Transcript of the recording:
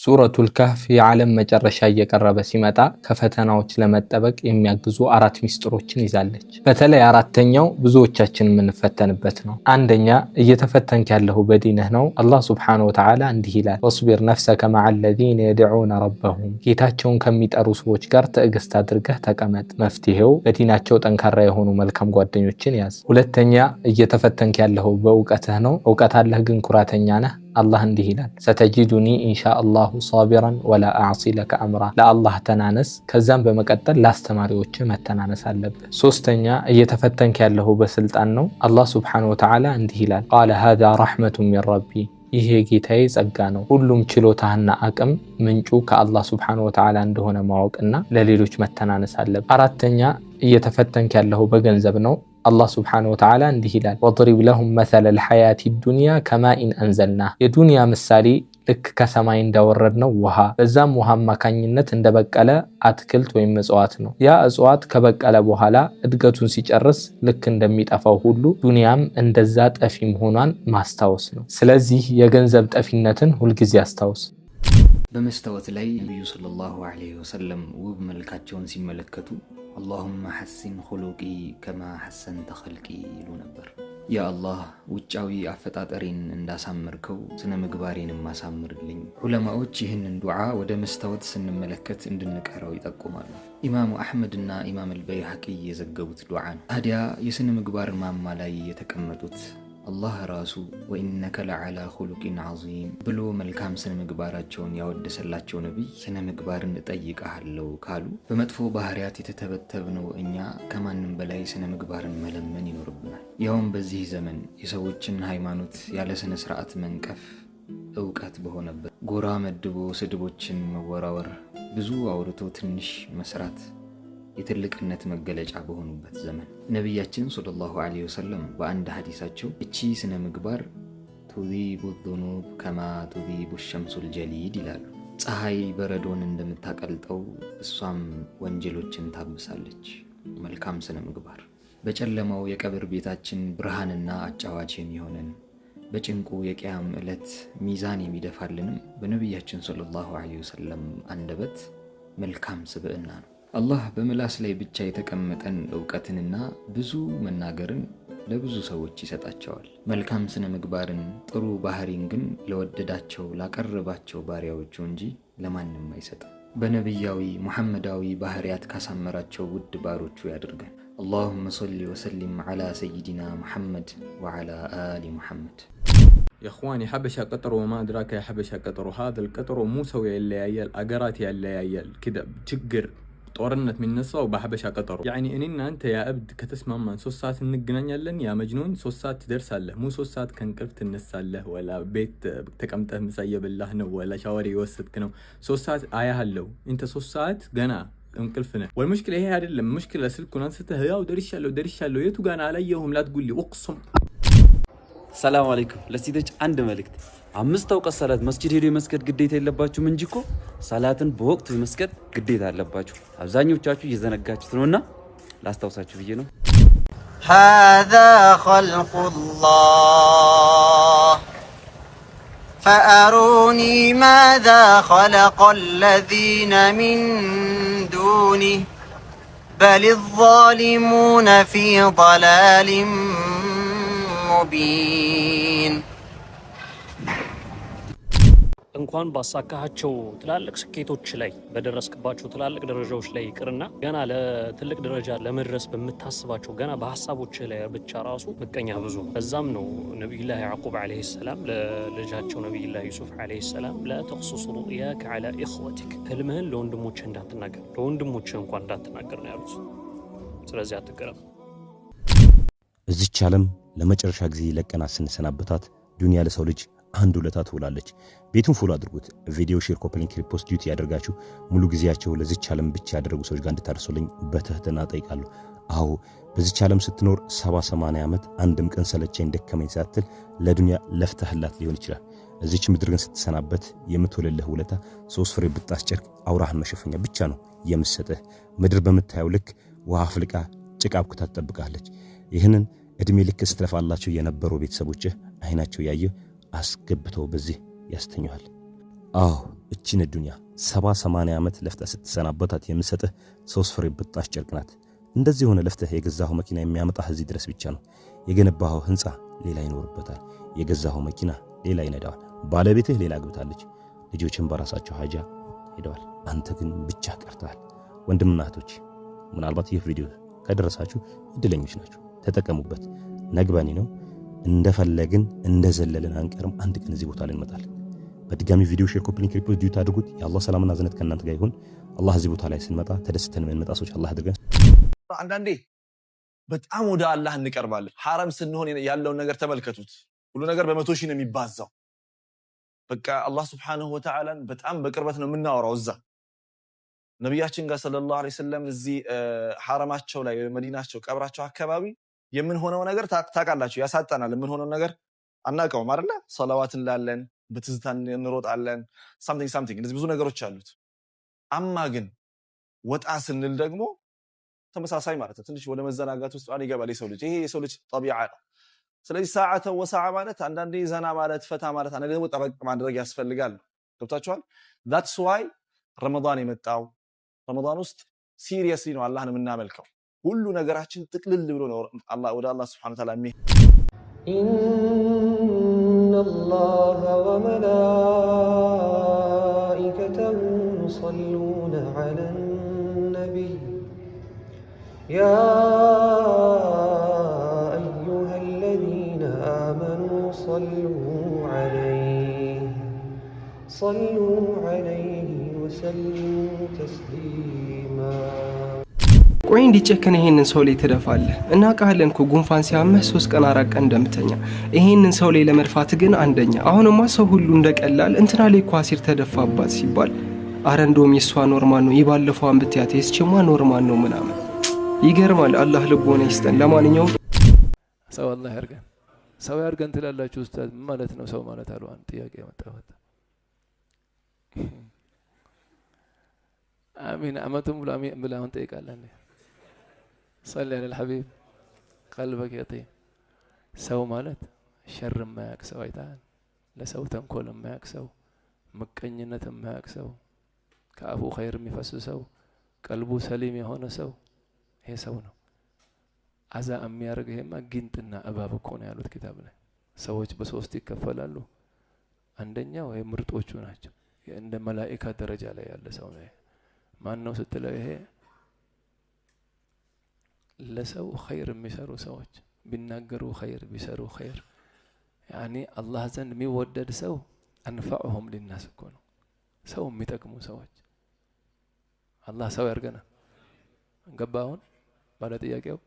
ሱረቱል ካህፍ የዓለም መጨረሻ እየቀረበ ሲመጣ ከፈተናዎች ለመጠበቅ የሚያግዙ አራት ሚስጥሮችን ይዛለች። በተለይ አራተኛው ብዙዎቻችን የምንፈተንበት ነው። አንደኛ እየተፈተንክ ያለሁ በዲንህ ነው። አላህ ስብሓነሁ ወተዓላ እንዲህ ይላል፣ ወስቢር ነፍሰከ መዓ አለዚነ የድዑነ ረበሁም፣ ጌታቸውን ከሚጠሩ ሰዎች ጋር ትዕግስት አድርገህ ተቀመጥ። መፍትሄው በዲናቸው ጠንካራ የሆኑ መልካም ጓደኞችን ያዝ። ሁለተኛ እየተፈተንክ ያለሁ በእውቀትህ ነው። እውቀት አለህ ግን ኩራተኛ ነህ አላህ እንዲህ ይላል፣ ሰተጂዱኒ ኢንሻአላሁ አላሁ ሳቢራን ወላ አዕሲ ለከ አምራ። ለአላህ ተናነስ፣ ከዛም በመቀጠል ለአስተማሪዎች መተናነስ አለብህ። ሶስተኛ እየተፈተንክ ያለሁ በስልጣን ነው። አላህ ስብሓነ ወተዓላ እንዲህ ይላል፣ ቃለ ሃዛ ረሕመቱ ሚን ረቢ፣ ይሄ ጌታዬ ጸጋ ነው። ሁሉም ችሎታህና አቅም ምንጩ ከአላህ ስብሓነ ወተዓላ እንደሆነ ማወቅና ለሌሎች መተናነስ አለብህ። አራተኛ እየተፈተንክ ያለሁ በገንዘብ ነው። አላህ ስብሓነሁ ወተዓላ እንዲህ ይላል፣ ወድሪብ ለሁም መሰለ ልሐያቲ ዱንያ ከማኢን አንዘልና። የዱንያ ምሳሌ ልክ ከሰማይ እንዳወረድ ነው ውሃ፣ በዛም ውሃ አማካኝነት እንደበቀለ አትክልት ወይም እጽዋት ነው። ያ እጽዋት ከበቀለ በኋላ እድገቱን ሲጨርስ ልክ እንደሚጠፋው ሁሉ ዱንያም እንደዛ ጠፊ መሆኗን ማስታወስ ነው። ስለዚህ የገንዘብ ጠፊነትን ሁልጊዜ አስታውስ። በመስታወት ላይ ነቢዩ ሰለላሁ ዐለይሂ ወሰለም ውብ መልካቸውን ሲመለከቱ አላሁመ ሐሲን ኹሉቂ ከማ ሐሰንተ ኸልቂ ይሉ ነበር። ያ አላህ ውጫዊ አፈጣጠሬን እንዳሳምርከው ስነ ምግባሬንም አሳምርልኝ። ዑለማዎች ይህንን ዱዓ ወደ መስታወት ስንመለከት እንድንቀረው ይጠቁማሉ። ኢማሙ አሕመድና ኢማም አልበይሐቂ የዘገቡት ዱዓ ነው። ታዲያ የስነ ምግባር ማማ ላይ የተቀመጡት አላህ ራሱ ወኢነከ ለዓላ ሁሉቂን ዓዚም ብሎ መልካም ስነ ምግባራቸውን ያወደሰላቸው ነቢይ ስነ ምግባርን እጠይቀሃለው ካሉ በመጥፎ ባህሪያት የተተበተብነው እኛ ከማንም በላይ ስነ ምግባርን መለመን ይኖርብናል። ያውም በዚህ ዘመን የሰዎችን ሃይማኖት ያለ ስነ ስርዓት መንቀፍ እውቀት በሆነበት ጎራ መድቦ ስድቦችን መወራወር፣ ብዙ አውርቶ ትንሽ መስራት የትልቅነት መገለጫ በሆኑበት ዘመን ነቢያችን ሰለላሁ ዐለይሂ ወሰለም በአንድ ሐዲሳቸው እቺ ስነ ምግባር ቱዚቡ ዙኑብ ከማ ቱዚቡ ሸምሱ ጀሊድ ይላሉ። ፀሐይ በረዶን እንደምታቀልጠው እሷም ወንጀሎችን ታብሳለች። መልካም ስነ ምግባር በጨለማው የቀብር ቤታችን ብርሃንና አጫዋች የሚሆንን በጭንቁ የቅያም ዕለት ሚዛን የሚደፋልንም በነቢያችን ሰለላሁ ዐለይሂ ወሰለም አንደበት መልካም ስብዕና ነው። አላህ በምላስ ላይ ብቻ የተቀመጠን እውቀትንና ብዙ መናገርን ለብዙ ሰዎች ይሰጣቸዋል። መልካም ስነ ምግባርን፣ ጥሩ ባህሪን ግን ለወደዳቸው ላቀረባቸው ባሪያዎቹ እንጂ ለማንም አይሰጥም። በነቢያዊ ሙሐመዳዊ ባህሪያት ካሳመራቸው ውድ ባሮቹ ያድርገን። አላሁመ ሰሊ ወሰሊም ዓላ ሰይዲና ሙሐመድ ወዓላ አሊ ሙሐመድ። የእኽዋን የሐበሻ ቀጠሮ ወማ አድራካ የሐበሻ ቀጠሮ ሀዘል ቀጠሮ ሙሰው ያለያያል፣ አገራት ያለያያል፣ ችግር ጦርነት የሚነሳው በሀበሻ ቀጠሮ ያኒ እኔና አንተ ያ እብድ ከተስማማን ሶስት ሰዓት እንገናኛለን። ያ መጅኑን ሶስት ሰዓት ትደርሳለህ። ሙ ሶስት ሰዓት ከእንቅልፍ ትነሳለህ። ወላ ቤት ተቀምጠህ ምሳ እየበላህ ነው፣ ወላ ሻወር የወሰድክ ነው። ሶስት ሰዓት አያሃለው። እንተ ሶስት ሰዓት ገና እንቅልፍ ነህ። ወልሙሽክላ ይሄ አይደለም። ሙሽክላ ስልኩን አንስተህ ያው ደርሻለሁ ደርሻለሁ፣ የቱ ጋና አላየሁም ላትጉል እቁሶም ሰላም አለይኩም። ለሴቶች አንድ መልእክት፣ አምስት አውቀት ሰላት መስጂድ ሄዶ የመስገድ ግዴታ የለባችሁም እንጂ እኮ ሰላትን በወቅቱ የመስገድ ግዴታ አለባችሁ። አብዛኞቻችሁ እየዘነጋችሁት ነውና ላስታውሳችሁ ብዬ ነው። ሃዛ ኸልቁላህ ፈአሩኒ ማዛ ኸለቀ ለዚነ ሚን ዱኒህ በል ዛሊሙነ ፊ ضላል ሙቢን እንኳን ባሳካቸው ትላልቅ ስኬቶች ላይ በደረስክባቸው ትላልቅ ደረጃዎች ላይ ይቅርና ገና ለትልቅ ደረጃ ለመድረስ በምታስባቸው ገና በሀሳቦች ላይ ብቻ ራሱ ምቀኛ ብዙ ነው። ከዛም ነው ነቢዩላህ ያዕቁብ ዓለይሂ ሰላም ለልጃቸው ነቢዩላህ ዩሱፍ ዓለይሂ ሰላም ለተክሱስ ሩእያከ ዐላ ኢኽወቲክ ህልምህን ለወንድሞችህ እንዳትናገር ለወንድሞችህ እንኳን እንዳትናገር ነው ያሉት። ስለዚህ አትገረም። እዚች ዓለም ለመጨረሻ ጊዜ ለቀናት ስንሰናበታት ዱንያ ለሰው ልጅ አንድ ውለታ ትውላለች። ቤቱን ፎሎ አድርጉት፣ ቪዲዮ ሼር፣ ኮፕሊንክ፣ ሪፖስት ዲዩቲ ያደርጋችሁ ሙሉ ጊዜያቸው ለዚች ዓለም ብቻ ያደረጉ ሰዎች ጋር እንድታደርሱልኝ በትህትና ጠይቃለሁ። አሁ በዚች ዓለም ስትኖር ሰባ 80 ዓመት አንድም ቀን ሰለቸኝ ደከመኝ ሳትል ለዱንያ ለፍተህላት ሊሆን ይችላል። እዚች ምድር ግን ስትሰናበት የምትውልልህ ውለታ ሶስት ፍሬ ብታስጨርቅ ጨርቅ አውራህን መሸፈኛ ብቻ ነው የምሰጥህ። ምድር በምታየው ልክ ውሃ አፍልቃ ጭቃ አብኩታ ትጠብቃለች። ይህንን ዕድሜ ልክ ስትለፋላቸው የነበሩ ቤተሰቦችህ አይናቸው ያየ አስገብቶ በዚህ ያስተኛዋል። አዎ እችን ዱንያ ሰባ ሰማንያ ዓመት ለፍተህ ስትሰናበታት የምሰጥህ ሶስት ፍሬ ብጣሽ ጨርቅ ናት። እንደዚህ የሆነ ለፍተህ የገዛኸው መኪና የሚያመጣህ እዚህ ድረስ ብቻ ነው። የገነባኸው ህንፃ ሌላ ይኖርበታል። የገዛኸው መኪና ሌላ ይነዳዋል። ባለቤትህ ሌላ አግብታለች። ልጆችን በራሳቸው ሀጃ ሄደዋል። አንተ ግን ብቻ ቀርተሃል። ወንድምና እህቶች ምናልባት ይህ ቪዲዮ ከደረሳችሁ እድለኞች ናችሁ። ተጠቀሙበት። ነግበኔ ነው። እንደፈለግን እንደዘለልን አንቀርም። አንድ ቀን እዚህ ቦታ ላይ እንመጣለን። በድጋሚ ቪዲዮ ሼር፣ ኮፒ ሊንክ፣ ሪፖርት ዲዩት አድርጉት። የአላህ ሰላምና ዝነት ከእናንተ ጋር ይሁን። አላህ እዚህ ቦታ ላይ ስንመጣ ተደስተን የምንመጣ ሰዎች አላህ አድርገን። አንዳንዴ በጣም ወደ አላህ እንቀርባለን። ሐረም ስንሆን ያለውን ነገር ተመልከቱት። ሁሉ ነገር በመቶ ሺህ ነው የሚባዛው። በቃ አላህ ስብሐነሁ ወተዓላን በጣም በቅርበት ነው የምናወራው። እዛ ነቢያችን ጋር ሰለላሁ ዐለይሂ ወሰለም እዚህ ሐረማቸው ላይ መዲናቸው ቀብራቸው አካባቢ የምንሆነው ነገር ታውቃላችሁ፣ ያሳጠናል። የምንሆነው ነገር አናውቀውም አይደለ? ሰላዋት እንላለን፣ በትዝታ እንሮጣለን፣ ሳምቲንግ ሳምቲንግ፣ እንደዚህ ብዙ ነገሮች አሉት። አማ ግን ወጣ ስንል ደግሞ ተመሳሳይ ማለት ነው። ትንሽ ወደ መዘናጋት ውስጥ ይገባል የሰው ልጅ። ይሄ የሰው ልጅ ጠቢዓ ነው። ስለዚህ ሰዓተ ወሰዓ ማለት አንዳንዴ ዘና ማለት ፈታ ማለት፣ አንዳንዴ ደግሞ ጠበቅ ማድረግ ያስፈልጋል። ገብታችኋል? ዛትስ ዋይ ረመዳን የመጣው ረመዳን ውስጥ ሲሪየስሊ ነው አላህን የምናመልከው ሁሉ ነገራችን ጥቅልል ብሎ ነው ወደ አላህ ስብሐነ ወተዓላ የሚሄድ። ኢነላህ ወመላኢከተሁ ዩሰሉነ ዐለን ነቢይ ያ አዩሀል ለዚነ አመኑ ሰሉ ዐለይህ ሰሉ ዐለይህ ወሰሊሙ ተስሊማ ቆይ እንዲጨክን ይሄንን ሰው ላይ ትደፋለህ። እናውቃለን እኮ ጉንፋን ሲያመህ ሶስት ቀን አራት ቀን እንደምተኛ። ይሄንን ሰው ላይ ለመድፋት ግን አንደኛ። አሁንማ ሰው ሁሉ እንደቀላል እንትና ላይ እኮ አሲር ተደፋባት ሲባል አረ እንደውም የእሷ ኖርማል ነው የባለፈው አንብትያት የስችማ ኖርማል ነው ምናምን ይገርማል። አላህ ልቦና ይስጠን። ለማንኛውም ሰው አላህ ያርገን፣ ሰው ያርገን ትላላችሁ ኡስታዝ ምን ማለት ነው ሰው ማለት አሉ። አንድ ጥያቄ መጣበት አሚን አመቱም ብላ ብላ አሁን ጠይቃለን صلي على الحبيب ቀልበክ የጢም ሰው ማለት ሸር የማያውቅ ሰው አይተሃል። ለሰው ተንኮል የማያውቅ ሰው፣ ምቀኝነት የማያውቅ ሰው፣ ከአፉ ኸይር የሚፈስ ሰው፣ ቀልቡ ሰሊም የሆነ ሰው ይሄ ሰው ነው። አዛ የሚያደርግ ይሄማ ጊንጥና እባብ እኮ ነው ያሉት ኪታብ ላይ። ሰዎች በሶስት ይከፈላሉ። አንደኛው ይሄ ምርጦቹ ናቸው። እንደ መላኢካ ደረጃ ላይ ያለ ሰው ነው። ማን ነው ስትለው ይሄ ለሰው ኸይር የሚሰሩ ሰዎች ቢናገሩ ኸይር ቢሰሩ ኸይር ያኒ አላህ ዘንድ የሚወደድ ሰው አንፋዑሁም ሊናስ እኮ ነው። ሰው የሚጠቅሙ ሰዎች አላህ ሰው ያርገና ገባ። አሁን ባለ ጥያቄው